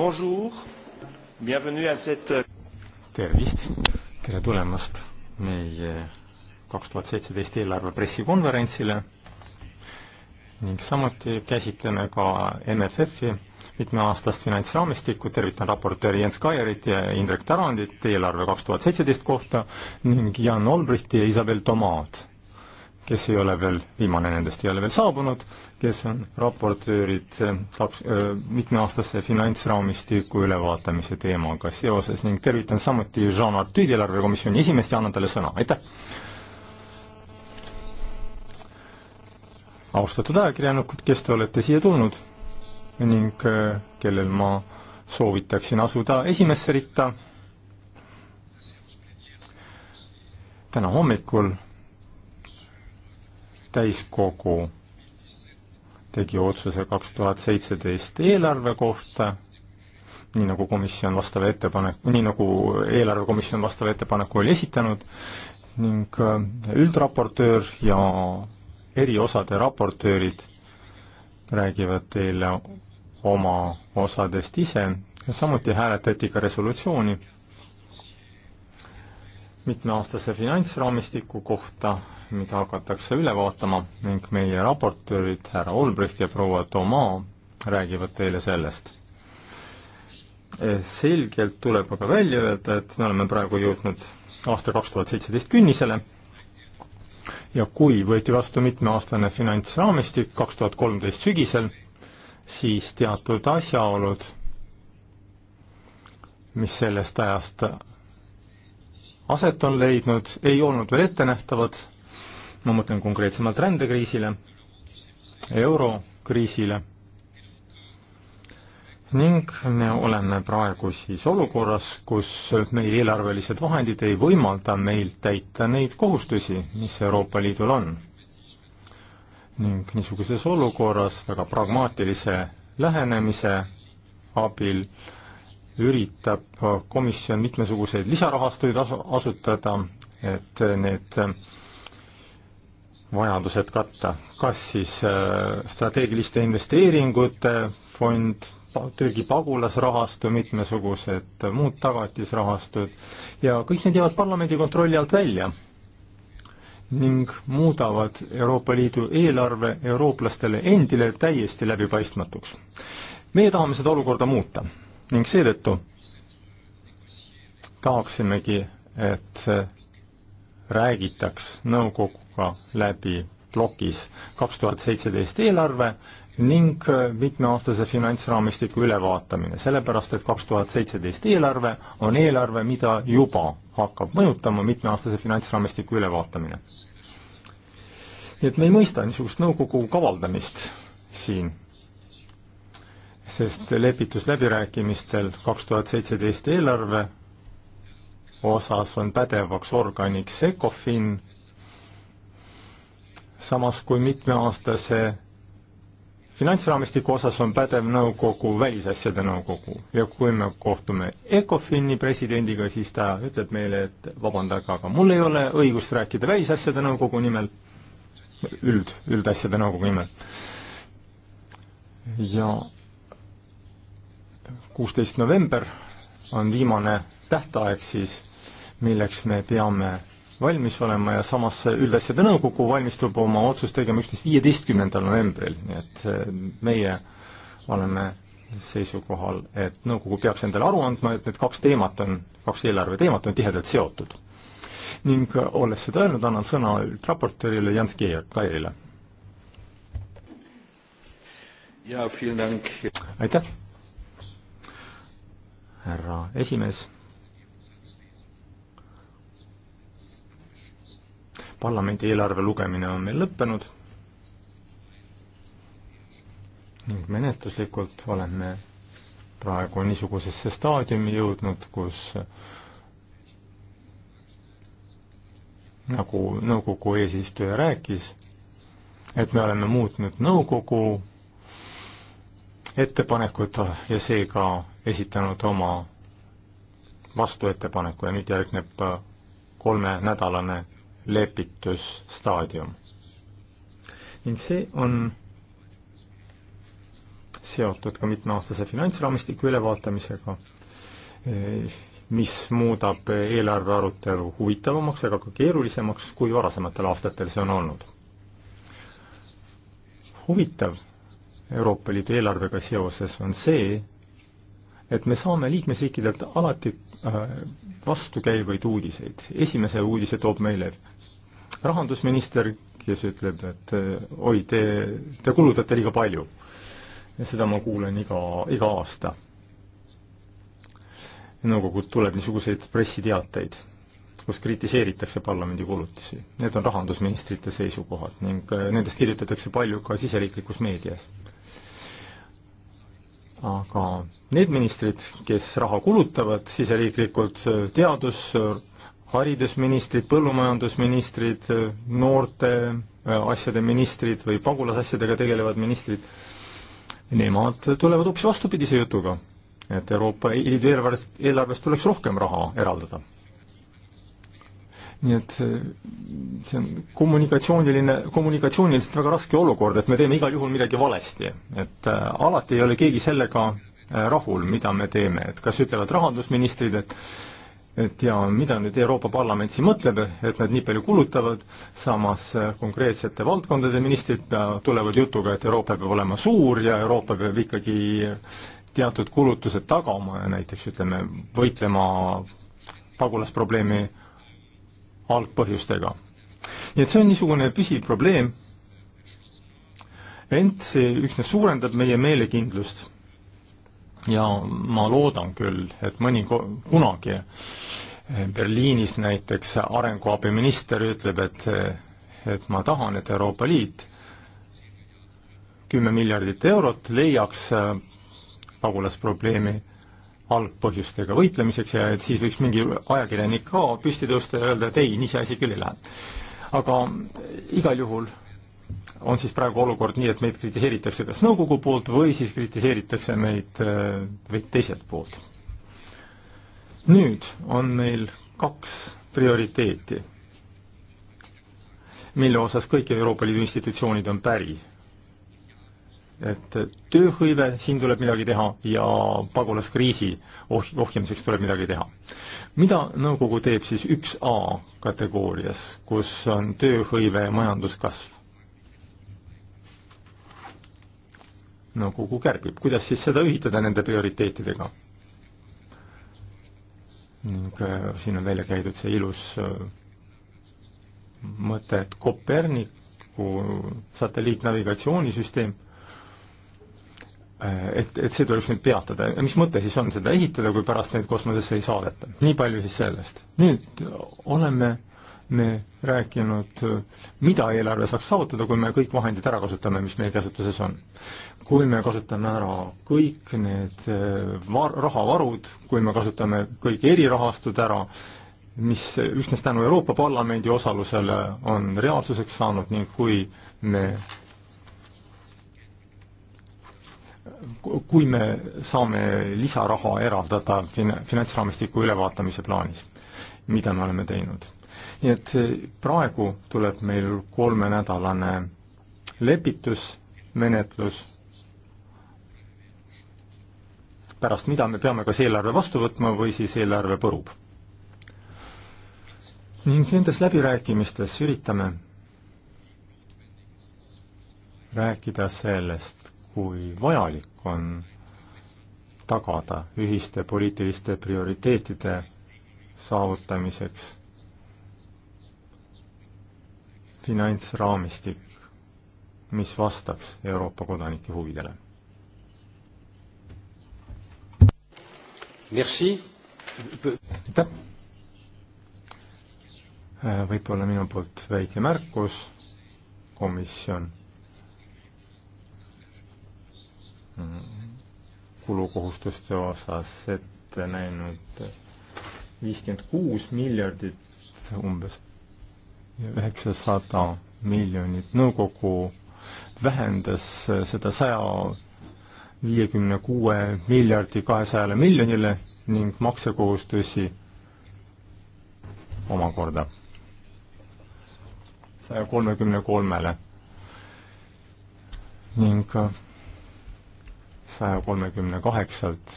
Bonjour, bienvenue à cette tervist, tere tulemast meie kaks tuhat seitseteist eelarve pressikonverentsile ning samuti käsitleme ka MFF-i, mitmeaastast finantsraamistikku, tervitan raportööri Jens Kaierit ja Indrek Tarandit eelarve kaks tuhat seitseteist kohta ning Jan Olbrichti ja Isabel Tomaad kes ei ole veel, viimane nendest ei ole veel saabunud, kes on raportöörid eh, kaks äh,, mitmeaastase finantsraamistiku ülevaatamise teemaga seoses ning tervitan samuti Jean Artüdi eelarvekomisjoni esimeest ja annan talle sõna, aitäh! austatud ajakirjanikud, kes te olete siia tulnud ning äh, kellel ma soovitaksin asuda esimesse ritta täna hommikul täiskogu tegi otsuse kaks tuhat seitseteist eelarve kohta, nii nagu komisjon vastava ettepaneku, nii nagu eelarvekomisjon vastava ettepaneku oli esitanud, ning äh, üldraportöör ja eriosade raportöörid räägivad teile oma osadest ise, samuti hääletati ka resolutsiooni mitmeaastase finantsraamistiku kohta, mida hakatakse üle vaatama ning meie raportöörid härra Olbricht ja proua Toma räägivad teile sellest. selgelt tuleb aga välja öelda, et me oleme praegu jõudnud aasta kaks tuhat seitseteist künnisele ja kui võeti vastu mitmeaastane finantsraamistik kaks tuhat kolmteist sügisel, siis teatud asjaolud, mis sellest ajast aset on leidnud, ei olnud veel ettenähtavad, ma mõtlen konkreetsemalt rändekriisile, eurokriisile, ning me oleme praegu siis olukorras, kus meil eelarvelised vahendid ei võimalda meil täita neid kohustusi, mis Euroopa Liidul on. ning niisuguses olukorras väga pragmaatilise lähenemise abil äh, üritab komisjon mitmesuguseid lisarahastuid asu-, asutada, et need vajadused katta, kas siis äh, strateegiliste investeeringute fond, Türgi pagulasrahastu, mitmesugused muud tagatisrahastud ja kõik need jäävad parlamendi kontrolli alt välja ning muudavad Euroopa Liidu eelarve eurooplastele endile täiesti läbipaistmatuks. meie tahame seda olukorda muuta ning seetõttu tahaksimegi, et räägitaks nõukoguga läbi plokis kaks tuhat seitseteist eelarve ning mitmeaastase finantsraamistiku ülevaatamine, sellepärast et kaks tuhat seitseteist eelarve on eelarve, mida juba hakkab mõjutama mitmeaastase finantsraamistiku ülevaatamine. nii et me ei mõista niisugust nõukogu kavaldamist siin sest lepitusläbirääkimistel kaks tuhat seitseteist eelarve osas on pädevaks organiks Ecofin, samas kui mitmeaastase finantsraamistiku osas on pädev nõukogu Välisasjade Nõukogu ja kui me kohtume Ecofini presidendiga, siis ta ütleb meile, et vabandage, aga mul ei ole õigust rääkida Välisasjade Nõukogu nimel, üld, üldasjade nõukogu nimel. ja kuusteist november on viimane tähtaeg siis, milleks me peame valmis olema ja samas üldasjade nõukogu valmistub oma otsust tegema üksteist viieteistkümnendal novembril, nii et eh, meie oleme seisukohal, et nõukogu peaks endale aru andma, et need kaks teemat on, kaks eelarve teemat on tihedalt seotud. ning eh, olles seda öelnud, annan sõna üldraportöörile Jans Kairile. aitäh! härra esimees. parlamendi eelarve lugemine on meil lõppenud ning menetluslikult oleme praegu niisugusesse staadiumi jõudnud, kus nagu nõukogu eesistuja rääkis, et me oleme muutnud nõukogu ettepanekut ja seega esitanud oma vastuettepaneku ja nüüd järgneb äh, kolmenädalane lepitusstaadium. ning see on seotud ka mitmeaastase finantsraamistiku ülevaatamisega, eh, mis muudab eelarve arutelu huvitavamaks, aga ka keerulisemaks, kui varasematel aastatel see on olnud. huvitav Euroopa Liidu eelarvega seoses, on see, et me saame liikmesriikidelt alati äh, vastukäivaid uudiseid. esimese uudise toob meile rahandusminister, kes ütleb, et äh, oi, te, te kulutate liiga palju. ja seda ma kuulen iga, iga aasta. nõukogult tuleb niisuguseid pressiteateid kus kritiseeritakse parlamendi kulutusi. Need on rahandusministrite seisukohad ning äh, nendest kirjutatakse palju ka siseriiklikus meedias. aga need ministrid, kes raha kulutavad siseriiklikult, äh, teadus, haridusministrid, põllumajandusministrid, äh, noorte asjade ministrid või pagulasasjadega tegelevad ministrid, nemad tulevad hoopis vastupidise jutuga, et Euroopa Liidu eelarvest, eelarvest tuleks rohkem raha eraldada nii et äh, see on kommunikatsiooniline, kommunikatsiooniliselt väga raske olukord, et me teeme igal juhul midagi valesti. et äh, alati ei ole keegi sellega äh, rahul, mida me teeme, et kas ütlevad rahandusministrid, et et ja mida nüüd Euroopa Parlament siin mõtleb, et nad nii palju kulutavad, samas konkreetsete valdkondade ministrid tulevad jutuga, et Euroopa peab olema suur ja Euroopa peab ikkagi teatud kulutused tagama ja näiteks ütleme, võitlema pagulasprobleemi algpõhjustega. nii et see on niisugune püsiv probleem, ent see üksnes suurendab meie meelekindlust. ja ma loodan küll, et mõni kunagi Berliinis näiteks arenguabiminister ütleb, et et ma tahan, et Euroopa Liit kümme miljardit eurot leiaks pagulasprobleemi algpõhjustega võitlemiseks ja et siis võiks mingi ajakirjanik ka püsti tõusta ja öelda, et ei, nii see asi küll ei lähe. aga igal juhul on siis praegu olukord nii, et meid kritiseeritakse kas nõukogu poolt või siis kritiseeritakse meid äh, või teiselt poolt. nüüd on meil kaks prioriteeti, mille osas kõik Euroopa Liidu institutsioonid on päri et tööhõive, siin tuleb midagi teha ja pagulaskriisi oh-, ohjamiseks tuleb midagi teha. mida nõukogu teeb siis üks A kategoorias, kus on tööhõive ja majanduskasv? nõukogu kärbib, kuidas siis seda ühitada nende prioriteetidega? ning äh, siin on välja käidud see ilus äh, mõte, et Koperniku satelliitnavigatsioonisüsteem Äh, et, et see tuleks nüüd peatada ja mis mõte siis on seda ehitada, kui pärast neid kosmosesse ei saadeta. nii palju siis sellest. nüüd oleme me rääkinud, mida eelarve saaks saavutada, kui me kõik vahendid ära kasutame, mis meie käsutuses on. kui me kasutame ära kõik need äh, var-, rahavarud, kui me kasutame kõik erirahastud ära, mis üksnes tänu Euroopa Parlamendi osalusele on reaalsuseks saanud ning kui me kui me saame lisaraha eraldada fin-, finantsraamistiku ülevaatamise plaanis, mida me oleme teinud. nii et eh, praegu tuleb meil kolmenädalane lepitusmenetlus, pärast mida me peame kas eelarve vastu võtma või siis eelarve põrub. ning nendes läbirääkimistes üritame rääkida sellest, kui vajalik on tagada ühiste poliitiliste prioriteetide saavutamiseks finantsraamistik, mis vastaks Euroopa kodanike huvidele. aitäh! võib-olla minu poolt väike märkus, komisjon kulukohustuste osas ette näinud viiskümmend kuus miljardit umbes ja üheksasada miljonit. nõukogu vähendas seda saja viiekümne kuue miljardi kahesajale miljonile ning maksekohustusi omakorda saja kolmekümne kolmele ning saja kolmekümne kaheksalt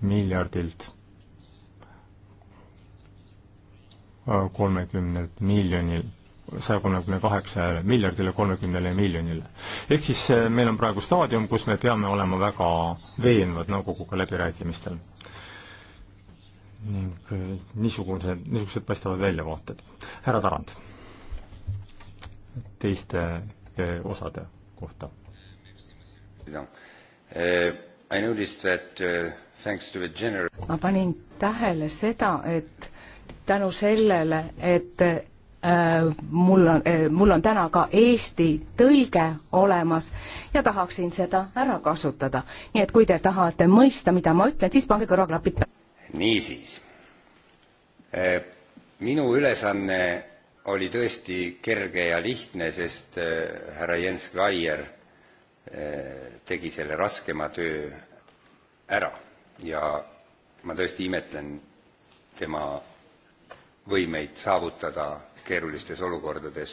miljardilt kolmekümnelt miljonil, saja kolmekümne kaheksale miljardile kolmekümnele miljonile. ehk siis eh, meil on praegu staadium, kus me peame olema väga veenvad nõukoguga läbirääkimistel ning eh, niisuguse, niisugused paistavad väljavaated. härra Tarand, teiste eh, osade kohta. Uh, uh, ma panin tähele seda, et tänu sellele, et äh, mul on, äh, mul on täna ka eesti tõlge olemas ja tahaksin seda ära kasutada. nii et kui te tahate mõista, mida ma ütlen, siis pange kõrvaklapid peale. niisiis, äh, minu ülesanne oli tõesti kerge ja lihtne, sest härra Jens Kaier Eh, tegi selle raskema töö ära ja ma tõesti imetlen tema võimeid saavutada keerulistes olukordades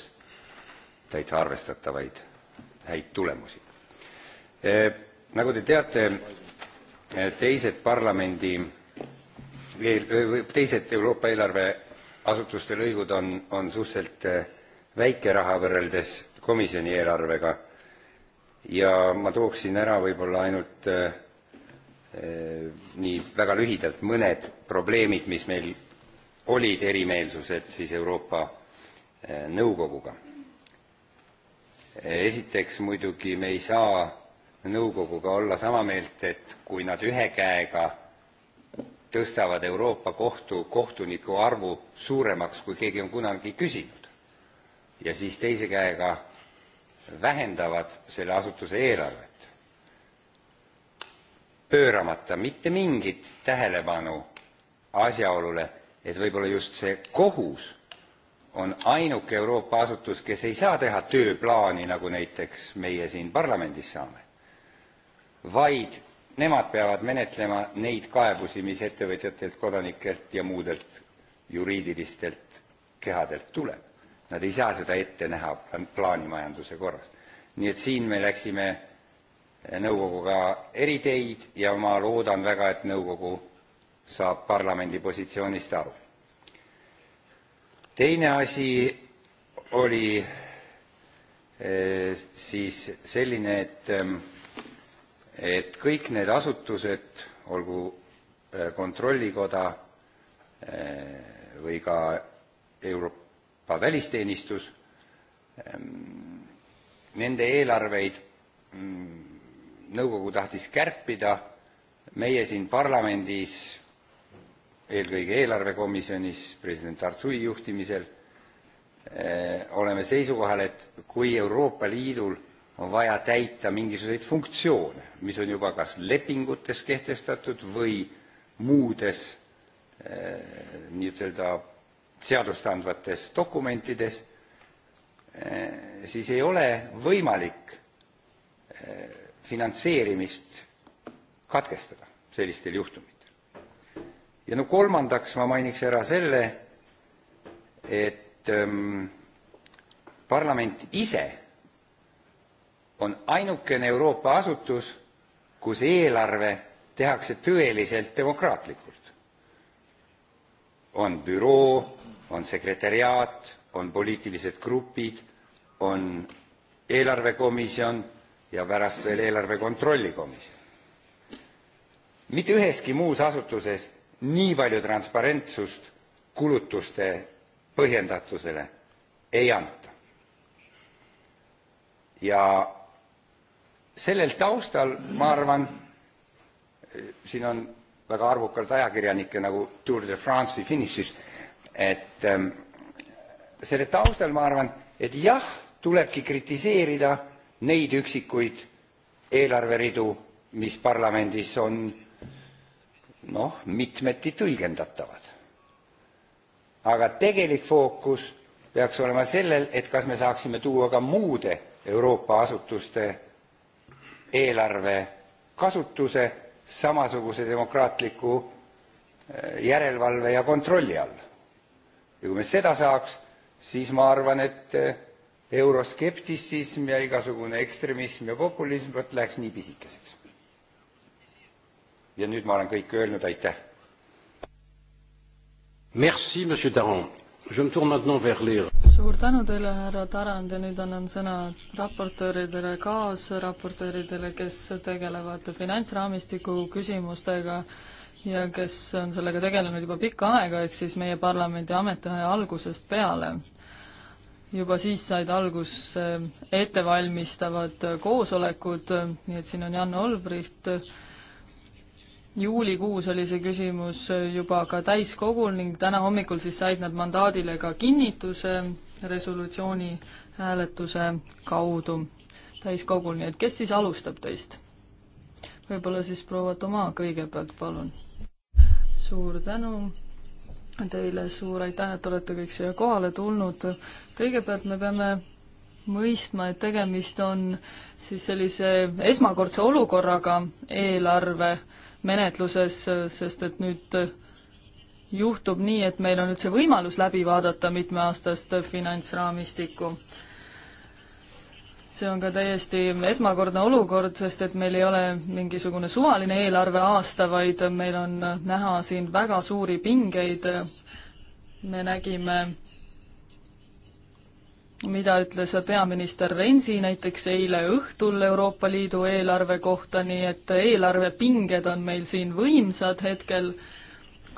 täitsa arvestatavaid häid tulemusi. Eh, nagu te teate, eh, teised parlamendi, teised Euroopa eelarveasutuste lõivud on, on suhteliselt väike raha võrreldes komisjoni eelarvega ja ma tooksin ära võib-olla ainult äh, äh, nii väga lühidalt mõned probleemid, mis meil olid erimeelsused siis Euroopa äh, Nõukoguga. esiteks muidugi me ei saa nõukoguga olla sama meelt, et kui nad ühe käega tõstavad Euroopa Kohtu kohtuniku arvu suuremaks, kui keegi on kunagi küsinud, ja siis teise käega vähendavad selle asutuse eelarvet, pööramata mitte mingit tähelepanu asjaolule, et võib-olla just see kohus on ainuke Euroopa asutus, kes ei saa teha tööplaani, nagu näiteks meie siin parlamendis saame, vaid nemad peavad menetlema neid kaebusi, mis ettevõtjatelt, kodanikelt ja muudelt juriidilistelt kehadelt tuleb Nad ei saa seda ette näha plaanimajanduse korras. nii et siin me läksime eh, nõukoguga eriteid ja ma loodan väga, et nõukogu saab parlamendi positsioonist aru. teine asi oli eh, siis selline, et, ehm, et kõik need asutused, olgu eh, Kontrollikoda või ka Euro-, ka välisteenistus, ehm, nende eelarveid mm, nõukogu tahtis kärpida, meie siin parlamendis, eelkõige eelarvekomisjonis president Artui juhtimisel, eh, oleme seisukohal, et kui Euroopa Liidul on vaja täita mingisuguseid funktsioone, mis on juba kas lepingutes kehtestatud või muudes eh, nii-ütelda seadust andvates dokumentides eh, siis ei ole võimalik eh, finantseerimist katkestada sellistel juhtumitel. ja no kolmandaks ma mainiks ära selle et ähm, parlament ise on ainukene euroopa asutus kus eelarve tehakse tõeliselt demokraatlikult on büroo on sekretäriaat, on poliitilised grupid, on eelarvekomisjon ja pärast veel eelarve kontrolli komisjon. mitte üheski muus asutuses nii palju transparentsust kulutuste põhjendatusele ei anta. ja sellel taustal ma arvan, siin on väga arvukalt ajakirjanikke nagu Tour de France'i finišis et ähm, selle taustal ma arvan, et jah, tulebki kritiseerida neid üksikuid eelarveridu, mis parlamendis on noh, mitmeti tõlgendatavad. aga tegelik fookus peaks olema sellel, et kas me saaksime tuua ka muude Euroopa asutuste eelarve kasutuse samasuguse demokraatliku äh, järelevalve ja kontrolli alla ja kui me seda saaks, siis ma arvan, et äh, euroskeptisism ja igasugune ekstremism ja populism, vot läheks nii pisikeseks. ja nüüd ma olen kõik öelnud, aitäh. Merci, monsieur Tarand. Je me tourne maintenant vers les... suur tänu teile, härra Tarand, ja nüüd annan sõna raportööridele, kaasraportööridele, kes tegelevad finantsraamistiku küsimustega ja kes on sellega tegelenud juba pikka aega, ehk siis meie parlamendi ametiaja algusest peale. juba siis said alguse ettevalmistavad koosolekud, nii et siin on Jan Olbricht, juulikuus oli see küsimus juba ka täiskogul ning täna hommikul siis said nad mandaadile ka kinnituse resolutsiooni hääletuse kaudu täiskogul, nii et kes siis alustab teist? võib-olla siis proua Toma kõigepealt, palun. suur tänu teile, suur aitäh, et olete kõik siia kohale tulnud. kõigepealt me peame mõistma, et tegemist on siis sellise esmakordse olukorraga eelarve menetluses, sest et nüüd juhtub nii, et meil on üldse võimalus läbi vaadata mitmeaastast finantsraamistikku see on ka täiesti esmakordne olukord, sest et meil ei ole mingisugune suvaline eelarveaasta, vaid meil on näha siin väga suuri pingeid. me nägime, mida ütles peaminister Rensi näiteks eile õhtul Euroopa Liidu eelarve kohta, nii et eelarvepinged on meil siin võimsad hetkel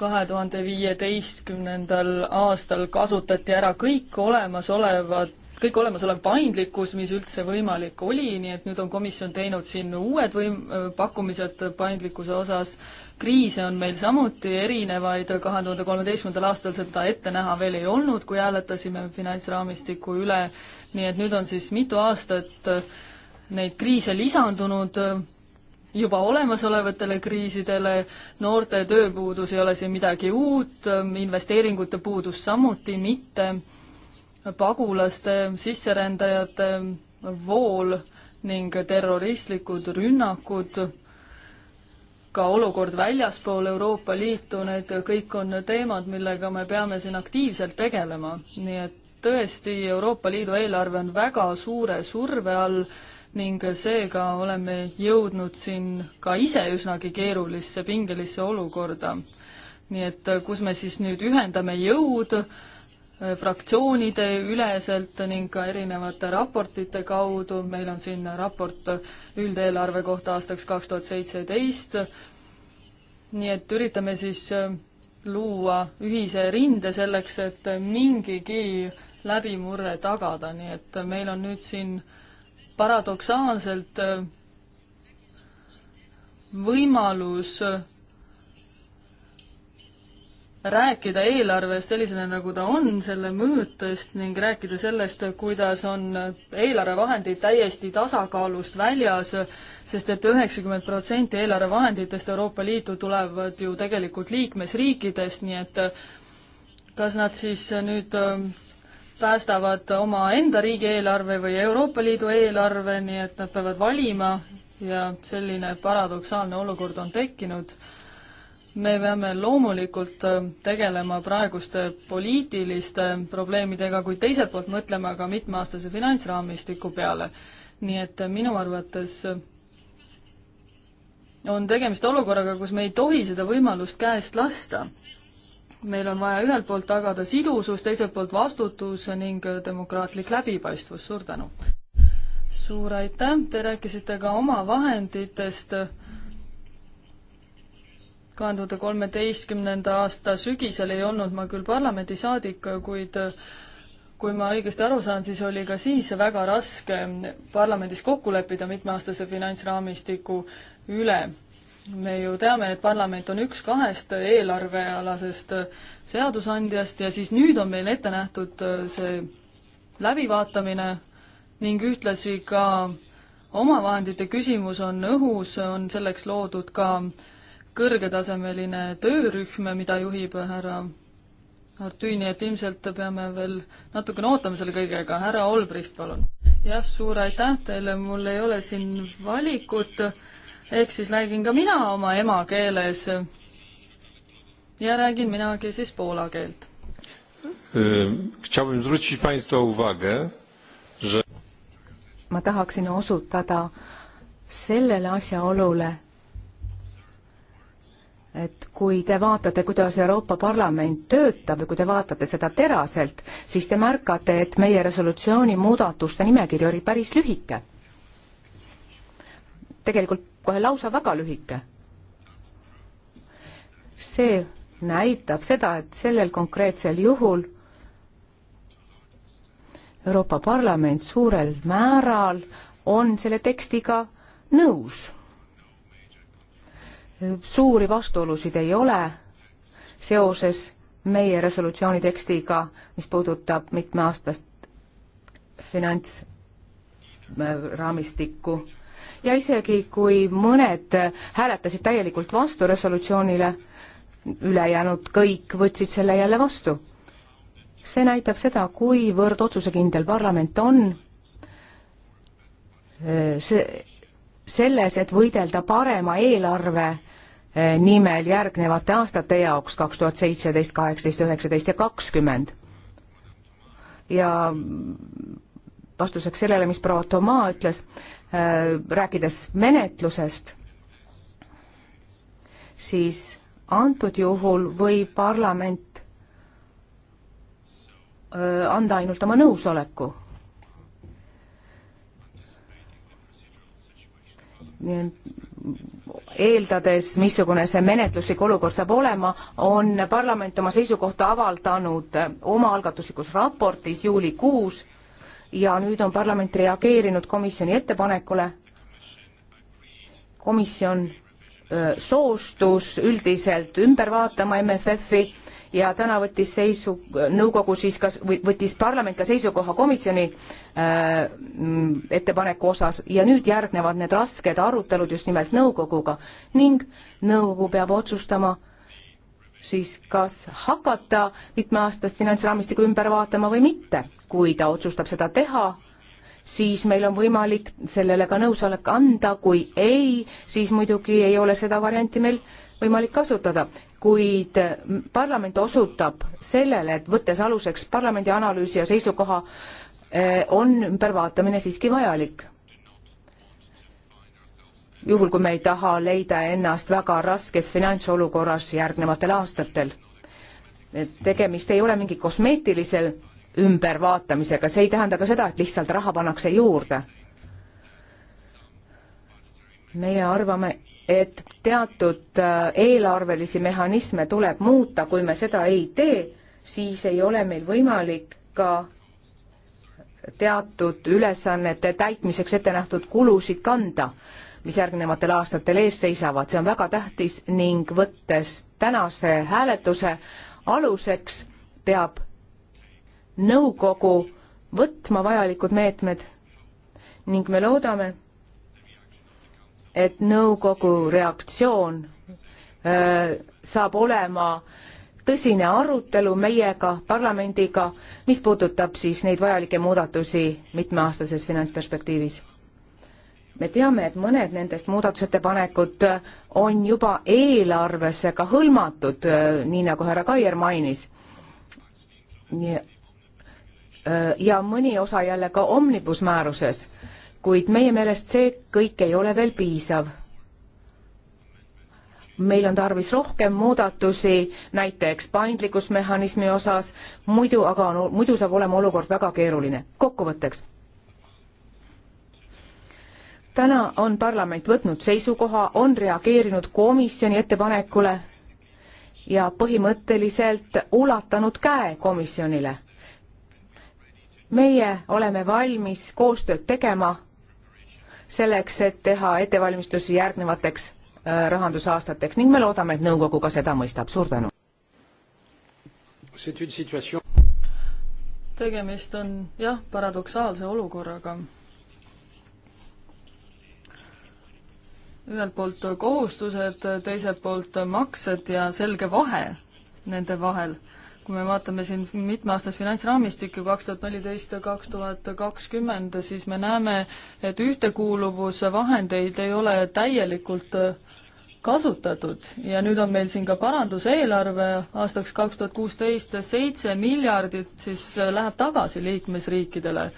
kahe tuhande viieteistkümnendal aastal kasutati ära kõik olemasolevad kõik olemasolev paindlikkus, mis üldse võimalik oli, nii et nüüd on komisjon teinud siin uued võim-, pakkumised paindlikkuse osas, kriise on meil samuti erinevaid, kahe tuhande kolmeteistkümnendal aastal seda ette näha veel ei olnud, kui hääletasime finantsraamistiku üle, nii et nüüd on siis mitu aastat neid kriise lisandunud, juba olemasolevatele kriisidele, noorte tööpuudus ei ole siin midagi uut, investeeringute puudus samuti mitte pagulaste, sisserändajate vool ning terroristlikud rünnakud, ka olukord väljaspool Euroopa Liitu, need kõik on teemad, millega me peame siin aktiivselt tegelema, nii et tõesti, Euroopa Liidu eelarve on väga suure surve all ning seega oleme jõudnud siin ka ise üsnagi keerulisse pingelisse olukorda. nii et kus me siis nüüd ühendame jõud, Äh, fraktsioonide üleselt ning ka erinevate raportite kaudu, meil on siin raport üldeelarve kohta aastaks kaks tuhat seitseteist, nii et üritame siis äh, luua ühise rinde selleks, et mingigi läbimurre tagada, nii et meil on nüüd siin paradoksaalselt äh, võimalus rääkida eelarvest sellisena, nagu ta on, selle mõõtest ning rääkida sellest, kuidas on eelarvevahendid täiesti tasakaalust väljas, sest et üheksakümmend protsenti eelarvevahenditest Euroopa Liitu tulevad ju tegelikult liikmesriikidest, nii et kas nad siis nüüd ähm, päästavad omaenda riigieelarve või Euroopa Liidu eelarve, nii et nad peavad valima ja selline paradoksaalne olukord on tekkinud me peame loomulikult äh, tegelema praeguste poliitiliste probleemidega, kuid teiselt poolt mõtlema ka mitmeaastase finantsraamistiku peale. nii et äh, minu arvates äh, on tegemist olukorraga, kus me ei tohi seda võimalust käest lasta. meil on vaja ühelt poolt tagada sidusus, teiselt poolt vastutus ning demokraatlik läbipaistvus, suur tänu! suur aitäh, te rääkisite ka oma vahenditest kahe tuhande kolmeteistkümnenda aasta sügisel ei olnud ma küll parlamendisaadik, kuid kui ma õigesti aru saan, siis oli ka siis väga raske parlamendis kokku leppida mitmeaastase finantsraamistiku üle. me ju teame, et parlament on üks kahest eelarvealasest seadusandjast ja siis nüüd on meil ette nähtud see läbivaatamine ning ühtlasi ka omavahendite küsimus on õhus, on selleks loodud ka äh, kõrgetasemeline töörühm, mida juhib härra Artüi, nii et ilmselt peame veel natukene ootama selle kõigega. härra Olbricht, palun. jah, suur aitäh teile, mul ei ole siin valikut, ehk siis räägin ka mina oma emakeeles ja räägin minagi siis poola keelt. ma tahaksin osutada sellele asjaolule, et kui te vaatate, kuidas Euroopa Parlament töötab ja kui te vaatate seda teraselt, siis te märkate, et meie resolutsiooni muudatuste nimekiri oli päris lühike. tegelikult kohe lausa väga lühike. see näitab seda, et sellel konkreetsel juhul Euroopa Parlament suurel määral on selle tekstiga nõus suuri vastuolusid ei ole seoses meie resolutsiooni tekstiga, mis puudutab mitmeaastast finantsraamistikku ja isegi kui mõned hääletasid täielikult vastu resolutsioonile, ülejäänud kõik võtsid selle jälle vastu. see näitab seda, kuivõrd otsusekindel parlament on, see selles, et võidelda parema eelarve eh, nimel järgnevate aastate jaoks kaks tuhat seitseteist, kaheksateist, üheksateist ja kakskümmend. ja vastuseks sellele, mis proua Toma ütles, eh, rääkides menetlusest, siis antud juhul võib parlament eh, anda ainult oma nõusoleku eeldades, missugune see menetluslik olukord saab olema, on parlament oma seisukohta avaldanud omaalgatuslikus raportis juulikuus ja nüüd on parlament reageerinud komisjoni ettepanekule. komisjon soostus üldiselt ümber vaatama MFF-i ja täna võttis seisu, nõukogu siis kas, võttis parlament ka seisukoha komisjoni äh, mm, ettepaneku osas ja nüüd järgnevad need rasked arutelud just nimelt nõukoguga ning nõukogu peab otsustama siis kas hakata mitmeaastast finantsraamistikku ümber vaatama või mitte. kui ta otsustab seda teha, siis meil on võimalik sellele ka nõusolek anda, kui ei, siis muidugi ei ole seda varianti meil võimalik kasutada kuid parlament osutab sellele, et võttes aluseks parlamendi analüüsi ja seisukoha, eh, on ümbervaatamine siiski vajalik. juhul, kui me ei taha leida ennast väga raskes finantsolukorras järgnevatel aastatel. et tegemist ei ole mingi kosmeetilisel ümbervaatamisega, see ei tähenda ka seda, et lihtsalt raha pannakse juurde. meie arvame, et teatud äh, eelarvelisi mehhanisme tuleb muuta, kui me seda ei tee, siis ei ole meil võimalik ka teatud ülesannete täitmiseks ette nähtud kulusid kanda, mis järgnevatel aastatel ees seisavad, see on väga tähtis ning võttes tänase hääletuse aluseks, peab nõukogu võtma vajalikud meetmed ning me loodame, et nõukogu reaktsioon äh, saab olema tõsine arutelu meiega, parlamendiga, mis puudutab siis neid vajalikke muudatusi mitmeaastases finantsperspektiivis. me teame, et mõned nendest muudatusettepanekud on juba eelarvesse ka hõlmatud, äh, nii nagu härra Kaier mainis. ja äh, mõni osa jälle ka omnibus määruses kuid meie meelest see kõik ei ole veel piisav. meil on tarvis rohkem muudatusi, näiteks paindlikkusmehhanismi osas, muidu aga on, muidu saab olema olukord väga keeruline. kokkuvõtteks täna on parlament võtnud seisukoha, on reageerinud komisjoni ettepanekule ja põhimõtteliselt ulatanud käe komisjonile. meie oleme valmis koostööd tegema selleks, et teha ettevalmistusi järgnevateks äh, rahandusaastateks ning me loodame, et nõukogu ka seda mõistab. suur tänu! tegemist on jah, paradoksaalse olukorraga. ühelt poolt kohustused, teiselt poolt maksed ja selge vahe nende vahel kui me vaatame siin mitmeaastast finantsraamistikku kaks tuhat neliteist ja kaks tuhat kakskümmend, siis me näeme, et ühtekuuluvusvahendeid ei ole täielikult äh, kasutatud ja nüüd on meil siin ka paranduseelarve aastaks kaks tuhat kuusteist, seitse miljardit siis äh, läheb tagasi liikmesriikidele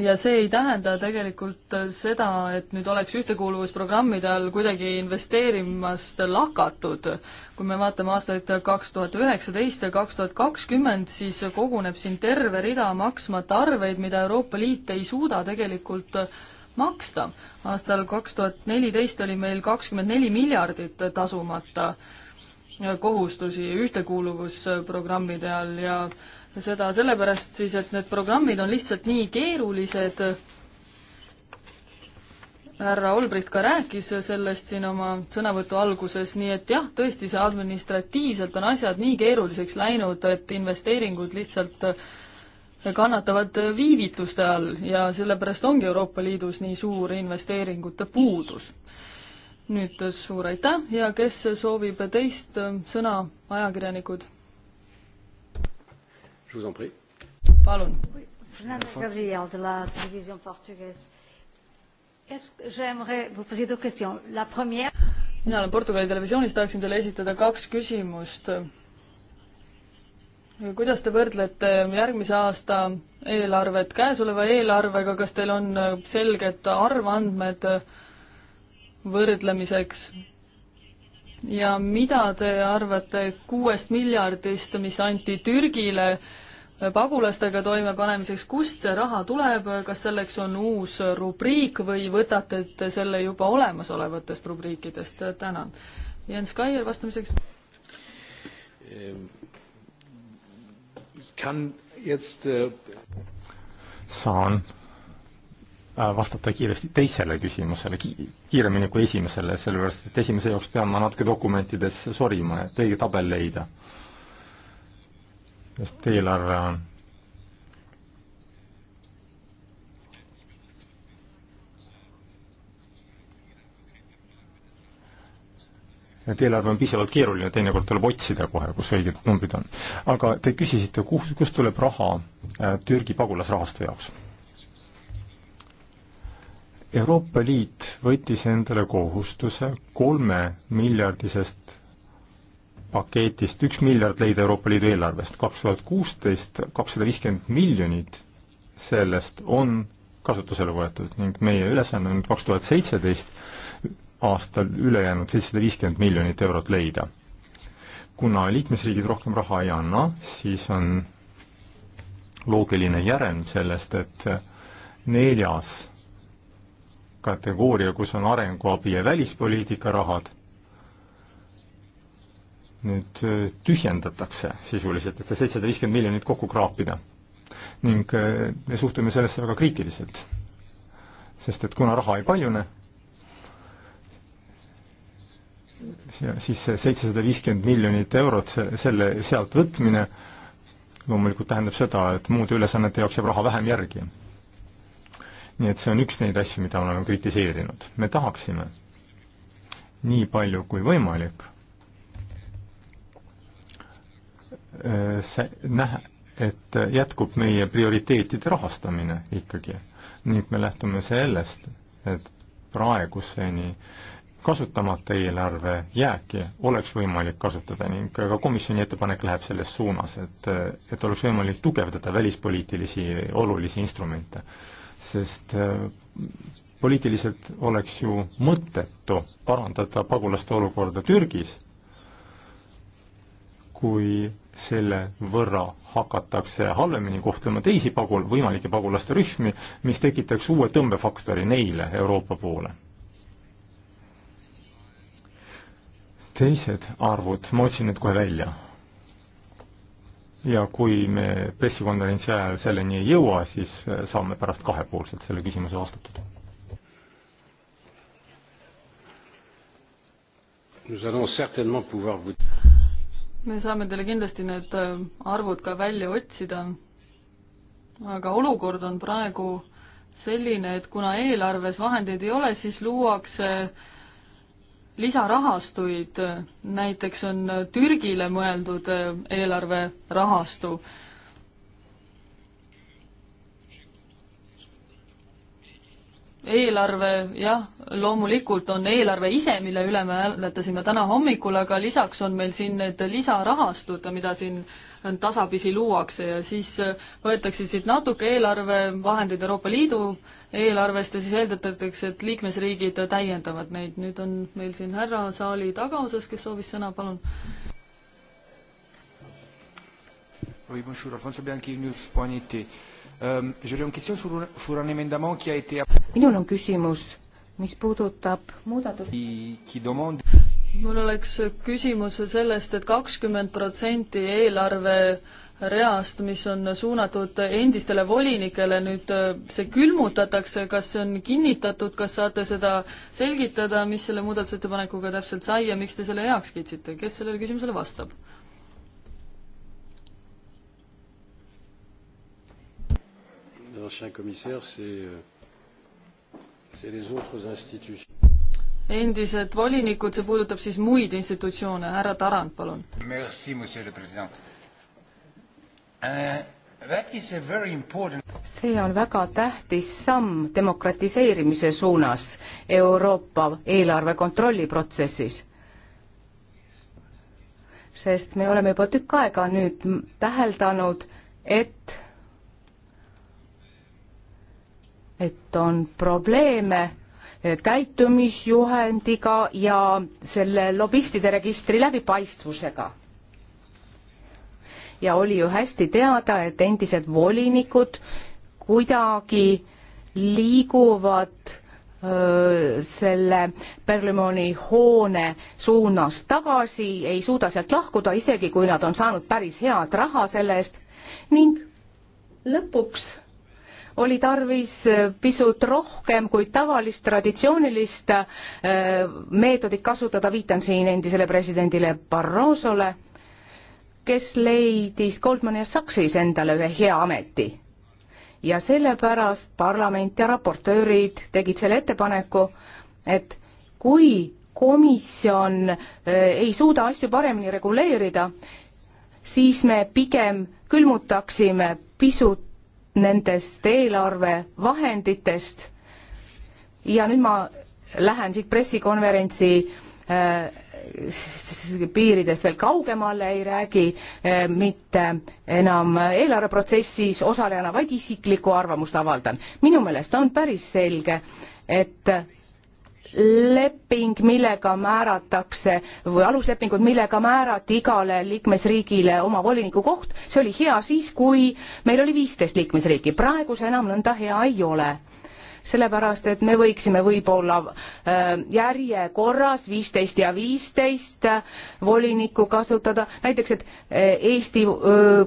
ja see ei tähenda tegelikult seda, et nüüd oleks ühtekuuluvusprogrammide all kuidagi investeerimast lakatud. kui me vaatame aastaid kaks tuhat üheksateist ja kaks tuhat kakskümmend, siis koguneb siin terve rida maksmata arveid, mida Euroopa Liit ei suuda tegelikult maksta. aastal kaks tuhat neliteist oli meil kakskümmend neli miljardit tasumata kohustusi ühtekuuluvusprogrammide all ja seda sellepärast siis, et need programmid on lihtsalt nii keerulised. härra Olbrit ka rääkis sellest siin oma sõnavõtu alguses, nii et jah, tõesti, see administratiivselt on asjad nii keeruliseks läinud, et investeeringud lihtsalt kannatavad viivituste all ja sellepärast ongi Euroopa Liidus nii suur investeeringute puudus. nüüd suur aitäh ja kes soovib teist sõna, ajakirjanikud? Je vous en prie. Palun. Fernanda Gabriel de la télévision portugaise. Est-ce que j'aimerais vous poser deux questions. La première. mina olen Portugali televisioonist, tahaksin teile esitada kaks küsimust. kuidas te võrdlete järgmise aasta eelarvet käesoleva eelarvega, kas teil on selged arvandmed võrdlemiseks? ja mida te arvate kuuest miljardist, mis anti Türgile äh, pagulastega toimepanemiseks, kust see raha tuleb, kas selleks on uus rubriik või võtate te selle juba olemasolevatest rubriikidest, tänan. Jens Kaier vastamiseks. Ähm, äh, saan Äh, vastata kiiresti teisele küsimusele, kiiremini kui esimesele, sellepärast et esimese jaoks pean ma natuke dokumentides sorima, et õige tabel leida. sest eelarve on et eelarve on piisavalt keeruline, teinekord tuleb otsida kohe, kus õiged numbrid on. aga te küsisite, kus, kust tuleb raha äh, Türgi pagulasrahastu jaoks Euroopa Liit võttis endale kohustuse kolme miljardisest paketist üks miljard leida Euroopa Liidu eelarvest, kaks tuhat kuusteist kakssada viiskümmend miljonit sellest on kasutusele võetud ning meie ülesanne on kaks tuhat seitseteist aastal ülejäänud seitsesada viiskümmend miljonit eurot leida. kuna liikmesriigid rohkem raha ei anna, siis on loogiline järelm sellest, et neljas kategooria, kus on arenguabi ja välispoliitika rahad, nüüd äh, tühjendatakse sisuliselt, et see seitsesada viiskümmend miljonit kokku kraapida. ning äh, me suhtume sellesse väga kriitiliselt. sest et kuna raha ei paljune, siis see seitsesada viiskümmend miljonit eurot, selle sealt võtmine loomulikult tähendab seda, et muude ülesannete jaoks jääb raha vähem järgi nii et see on üks neid asju, mida oleme kritiseerinud. me tahaksime nii palju kui võimalik äh, see näha, et jätkub meie prioriteetide rahastamine ikkagi ning me lähtume sellest, et praeguseni kasutamata eelarve jääki oleks võimalik kasutada ning ka komisjoni ettepanek läheb selles suunas, et, et oleks võimalik tugevdada välispoliitilisi olulisi instrumente sest äh, poliitiliselt oleks ju mõttetu parandada pagulaste olukorda Türgis, kui selle võrra hakatakse halvemini kohtlema teisi pagul-, võimalikke pagulaste rühmi, mis tekitaks uue tõmbefaktori neile Euroopa poole. teised arvud, ma otsin need kohe välja ja kui me pressikonverentsi ajal selleni ei jõua, siis äh, saame pärast kahepoolselt selle küsimuse vastatud. me saame teile kindlasti need äh, arvud ka välja otsida, aga olukord on praegu selline, et kuna eelarves vahendeid ei ole, siis luuakse äh, lisarahastuid, näiteks on Türgile mõeldud äh, eelarverahastu eelarve, jah, loomulikult on eelarve ise, mille üle me hääletasime täna hommikul, aga lisaks on meil siin need lisarahastud, mida siin tasapisi luuakse ja siis äh, võetakse siit natuke eelarvevahendeid Euroopa Liidu eelarvest ja siis eeldatakse, et liikmesriigid täiendavad neid. nüüd on meil siin härra saali tagaosas, kes soovis sõna, palun. Oui, bonjour, Alfonso Bianchi, News Point IT Ehm, minul on küsimus, mis puudutab muudatust. mul oleks küsimus sellest et, et kakskümmend protsenti eelarve reast, mis on suunatud endistele volinikele, nüüd äh, see külmutatakse, kas see on kinnitatud, kas saate seda selgitada, mis selle muudatusettepanekuga täpselt sai ja miks te selle heaks kiitsite, kes sellele küsimusele vastab? l'ancien commissaire, euh, c'est les autres institutions. endised volinikud, see puudutab siis muid institutsioone, härra Tarand, palun. Euh, see on väga tähtis samm demokratiseerimise suunas Euroopa eelarve kontrolli protsessis sest me oleme juba tükk aega nüüd täheldanud, et et on probleeme eh, käitumisjuhendiga ja selle lobistide registri läbipaistvusega. ja oli ju hästi teada, et endised volinikud kuidagi liiguvad öö, selle Berlimoni hoone suunas tagasi, ei suuda sealt lahkuda, isegi kui nad on saanud päris head raha selle eest ning lõpuks oli tarvis äh, pisut rohkem kui tavalist traditsioonilist äh, meetodit kasutada, viitan siin endisele presidendile Barrosole, kes leidis Goldman ja Sachsis endale ühe hea ameti. ja sellepärast parlament ja raportöörid tegid selle ettepaneku, et kui komisjon äh, ei suuda asju paremini reguleerida, siis me pigem külmutaksime pisut nendest eelarvevahenditest ja nüüd ma lähen siit pressikonverentsi äh, piiridest veel kaugemale, ei räägi äh, mitte enam eelarveprotsessis osalejana, vaid isiklikku arvamust avaldan. minu meelest on päris selge, et leping, millega määratakse või aluslepingud, millega määrati igale liikmesriigile oma voliniku koht, see oli hea siis, kui meil oli viisteist liikmesriiki, praegu see enam nõnda hea ei ole sellepärast et me võiksime võib-olla äh, järjekorras viisteist ja viisteist äh, volinikku kasutada, näiteks et äh, Eesti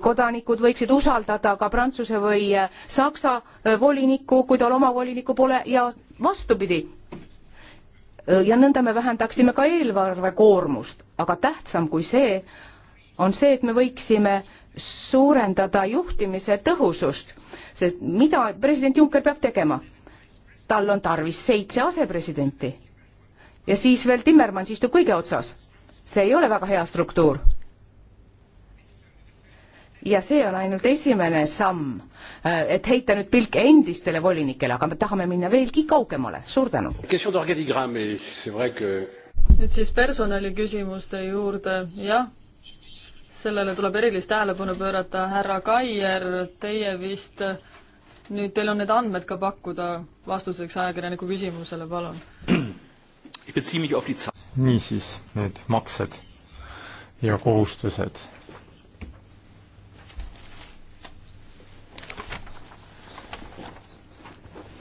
kodanikud võiksid usaldada ka Prantsuse või Saksa volinikku, kui tal oma volinikku pole ja vastupidi ja nõnda me vähendaksime ka eelarvekoormust, aga tähtsam kui see, on see, et me võiksime suurendada juhtimise tõhusust, sest mida president Juncker peab tegema? tal on tarvis seitse asepresidenti ja siis veel Timmermann istub kõige otsas. see ei ole väga hea struktuur ja see on ainult esimene samm, äh, et heita nüüd pilk endistele volinikele, aga me tahame minna veelgi kaugemale, suur tänu. nüüd siis personaliküsimuste juurde, jah, sellele tuleb erilist tähelepanu pöörata, härra Kaier, teie vist nüüd teil on need andmed ka pakkuda vastuseks ajakirjaniku küsimusele, palun. niisiis, need maksed ja kohustused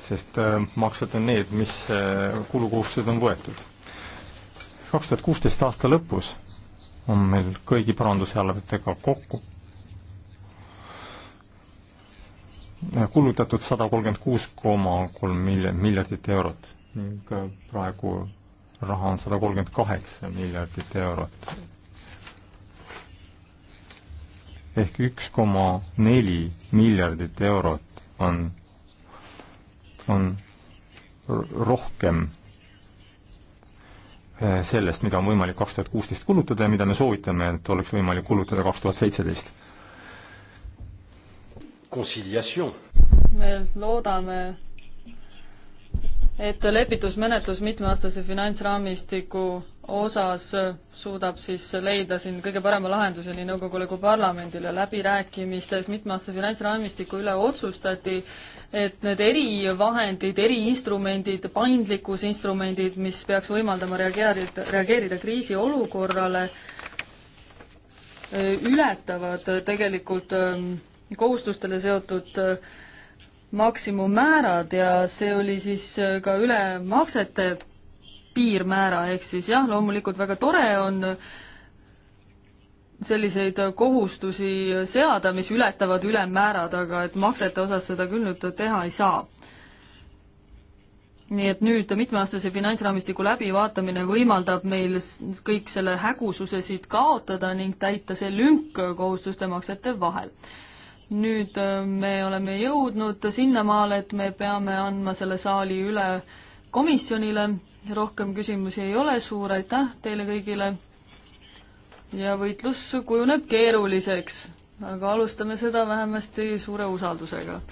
sest äh, maksed on need, mis äh, kulukohustused on võetud. kaks tuhat kuusteist aasta lõpus on meil kõigi parandusjärelevalvetega kokku kulutatud sada kolmkümmend kuus koma kolm miljon, miljardit eurot ning äh, praegu raha on sada kolmkümmend kaheksa miljardit eurot. ehk üks koma neli miljardit eurot on on rohkem eh, sellest, mida on võimalik kaks tuhat kuusteist kulutada ja mida me soovitame, et oleks võimalik kulutada kaks tuhat seitseteist. me loodame, et lepitusmenetlus mitmeaastase finantsraamistiku osas suudab siis leida siin kõige parema lahenduse nii nõukogule kui parlamendile. läbirääkimistes mitmeaastase finantsraamistiku üle otsustati, et need erivahendid, eriinstrumendid, paindlikkusinstrumendid, mis peaks võimaldama reageerida, reageerida kriisiolukorrale, eh, ületavad tegelikult eh, kohustustele seotud eh, maksimummäärad ja see oli siis ka ülemaksete piirmäära, ehk siis jah, loomulikult väga tore on äh, selliseid kohustusi seada, mis ületavad ülemmäärad, aga et maksete osas seda küll nüüd teha ei saa. nii et nüüd mitmeaastase finantsraamistiku läbivaatamine võimaldab meil kõik selle hägususe siit kaotada ning täita see lünk kohustuste maksete vahel. nüüd äh, me oleme jõudnud sinnamaale, et me peame andma selle saali üle komisjonile, rohkem küsimusi ei ole, suur aitäh teile kõigile ja võitlus kujuneb keeruliseks, aga alustame seda vähemasti suure usaldusega.